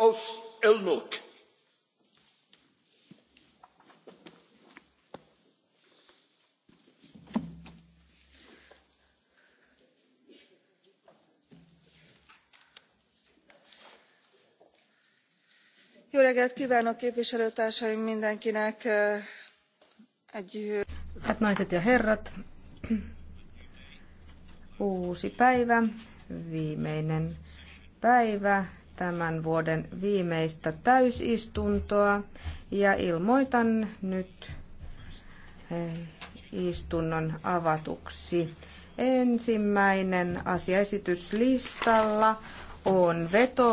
aus elnök jó reggelt kívánok képviselőtársaim mindenkinek eh, egy Hát naiset ja herrat, uusi päivä, viimeinen päivä tämän vuoden viimeistä täysistuntoa ja ilmoitan nyt eh, istunnon avatuksi. Ensimmäinen asiaesityslistalla on vetoomus